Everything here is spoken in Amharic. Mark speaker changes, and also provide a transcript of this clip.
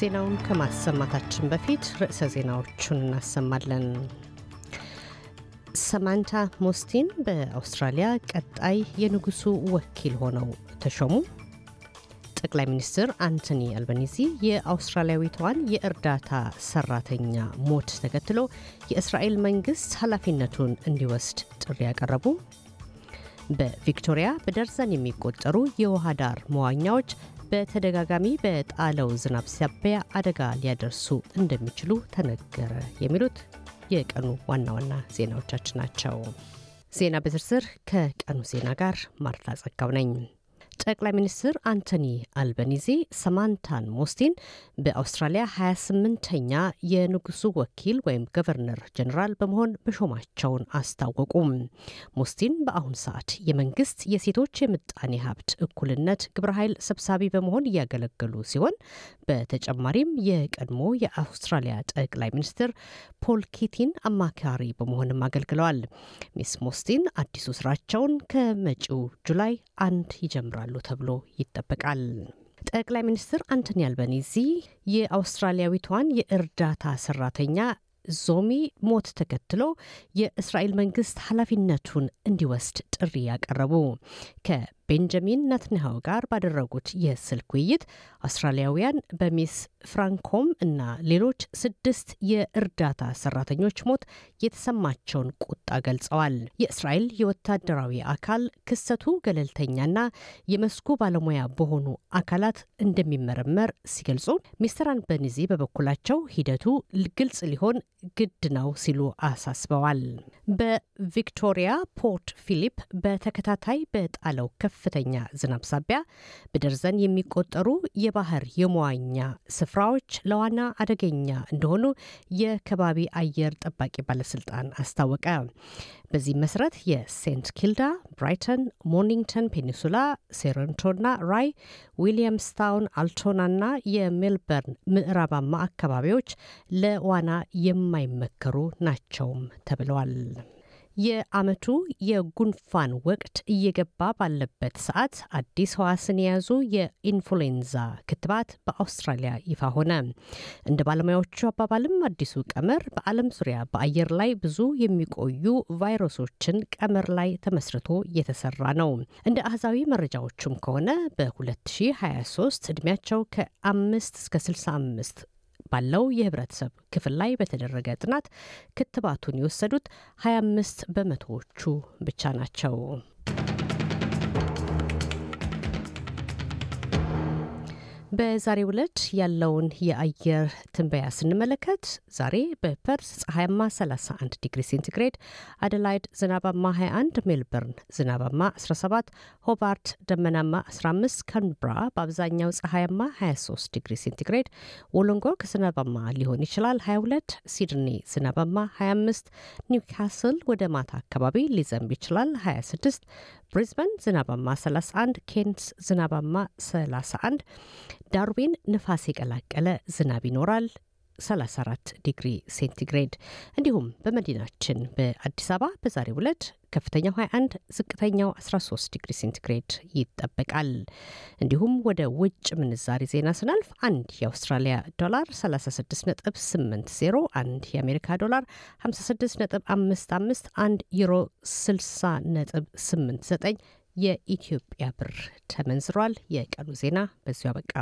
Speaker 1: ዜናውን ከማሰማታችን በፊት ርዕሰ ዜናዎቹን እናሰማለን። ሰማንታ ሞስቲን በአውስትራሊያ ቀጣይ የንጉሱ ወኪል ሆነው ተሾሙ። ጠቅላይ ሚኒስትር አንቶኒ አልበኒዚ የአውስትራሊያዊቷን የእርዳታ ሰራተኛ ሞት ተከትሎ የእስራኤል መንግስት ኃላፊነቱን እንዲወስድ ጥሪ ያቀረቡ። በቪክቶሪያ በደርዘን የሚቆጠሩ የውሃ ዳር መዋኛዎች በተደጋጋሚ በጣለው ዝናብ ሲያበያ አደጋ ሊያደርሱ እንደሚችሉ ተነገረ። የሚሉት የቀኑ ዋና ዋና ዜናዎቻችን ናቸው። ዜና በዝርዝር ከቀኑ ዜና ጋር ማርታ ጸጋው ነኝ። ጠቅላይ ሚኒስትር አንቶኒ አልበኒዚ ሰማንታን ሞስቲን በአውስትራሊያ 28ኛ የንጉሱ ወኪል ወይም ገቨርነር ጀኔራል በመሆን መሾማቸውን አስታወቁም። ሞስቲን በአሁን ሰዓት የመንግስት የሴቶች የምጣኔ ሀብት እኩልነት ግብረ ኃይል ሰብሳቢ በመሆን እያገለገሉ ሲሆን በተጨማሪም የቀድሞ የአውስትራሊያ ጠቅላይ ሚኒስትር ፖል ኬቲን አማካሪ በመሆንም አገልግለዋል። ሚስ ሞስቲን አዲሱ ስራቸውን ከመጪው ጁላይ አንድ ይጀምራል ይፈጽማሉ ተብሎ ይጠበቃል። ጠቅላይ ሚኒስትር አንቶኒ አልበኒዚ የአውስትራሊያዊቷን የእርዳታ ሰራተኛ ዞሚ ሞት ተከትሎ የእስራኤል መንግስት ኃላፊነቱን እንዲወስድ ጥሪ ያቀረቡ ቤንጃሚን ነትንሃው ጋር ባደረጉት የስልክ ውይይት አውስትራሊያውያን በሚስ ፍራንኮም እና ሌሎች ስድስት የእርዳታ ሰራተኞች ሞት የተሰማቸውን ቁጣ ገልጸዋል። የእስራኤል የወታደራዊ አካል ክሰቱ ገለልተኛና የመስኩ ባለሙያ በሆኑ አካላት እንደሚመረመር ሲገልጹ፣ ሚስተር አንበኒዚ በበኩላቸው ሂደቱ ግልጽ ሊሆን ግድ ነው ሲሉ አሳስበዋል። በቪክቶሪያ ፖርት ፊሊፕ በተከታታይ በጣለው ከፍ ከፍተኛ ዝናብ ሳቢያ በደርዘን የሚቆጠሩ የባህር የመዋኛ ስፍራዎች ለዋና አደገኛ እንደሆኑ የከባቢ አየር ጠባቂ ባለስልጣን አስታወቀ። በዚህ መሰረት የሴንት ኪልዳ፣ ብራይተን፣ ሞርኒንግተን ፔኒንሱላ፣ ሴረንቶና ራይ፣ ዊሊያምስታውን፣ አልቶናና የሜልበርን ምዕራባማ አካባቢዎች ለዋና የማይመከሩ ናቸውም ተብለዋል። የአመቱ የጉንፋን ወቅት እየገባ ባለበት ሰዓት አዲስ ህዋስን የያዙ የኢንፍሉዌንዛ ክትባት በአውስትራሊያ ይፋ ሆነ። እንደ ባለሙያዎቹ አባባልም አዲሱ ቀመር በዓለም ዙሪያ በአየር ላይ ብዙ የሚቆዩ ቫይረሶችን ቀመር ላይ ተመስርቶ የተሰራ ነው። እንደ አህዛዊ መረጃዎቹም ከሆነ በ2023 ዕድሜያቸው ከአምስት እስከ 65 ባለው የህብረተሰብ ክፍል ላይ በተደረገ ጥናት ክትባቱን የወሰዱት 25 በመቶዎቹ ብቻ ናቸው። በዛሬው ዕለት ያለውን የአየር ትንበያ ስንመለከት ዛሬ በፐርስ ፀሐያማ 31 ዲግሪ ሴንቲግሬድ፣ አደላይድ ዝናባማ 21፣ ሜልበርን ዝናባማ 17፣ ሆባርት ደመናማ 15፣ ከንብራ በአብዛኛው ፀሐያማ 23 ዲግሪ ሴንቲግሬድ፣ ወሎንጎግ ዝናባማ ሊሆን ይችላል 22፣ ሲድኒ ዝናባማ 25፣ ኒውካስል ወደ ማታ አካባቢ ሊዘንብ ይችላል 26 ብሪዝበን ዝናባማ 31፣ ኬንስ ዝናባማ 31፣ ዳርዊን ንፋስ የቀላቀለ ዝናብ ይኖራል 34 ዲግሪ ሴንቲግሬድ። እንዲሁም በመዲናችን በአዲስ አበባ በዛሬው ዕለት ከፍተኛው 21፣ ዝቅተኛው 13 ዲግሪ ሴንቲግሬድ ይጠበቃል። እንዲሁም ወደ ውጭ ምንዛሪ ዜና ስናልፍ አንድ የአውስትራሊያ ዶላር 36.80፣ አንድ የአሜሪካ ዶላር 56.55፣ አንድ ዩሮ 60.89 የኢትዮጵያ ብር ተመንዝሯል። የቀኑ ዜና በዚሁ አበቃ።